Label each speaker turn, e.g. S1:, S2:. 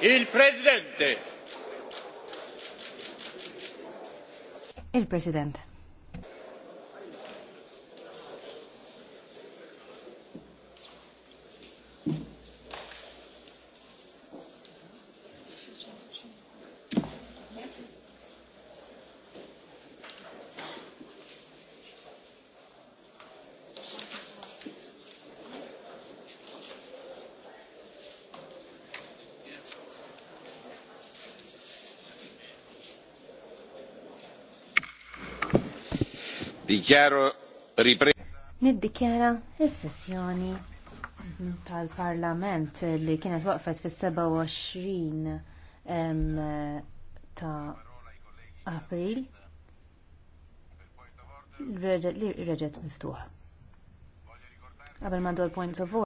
S1: Il-Presidente.
S2: Il-President.
S3: Niddikjara is-sessjoni tal-Parlament li kienet waqfet fis-27 ta' April reġet
S4: miftuħ. Qabel ma dwar point of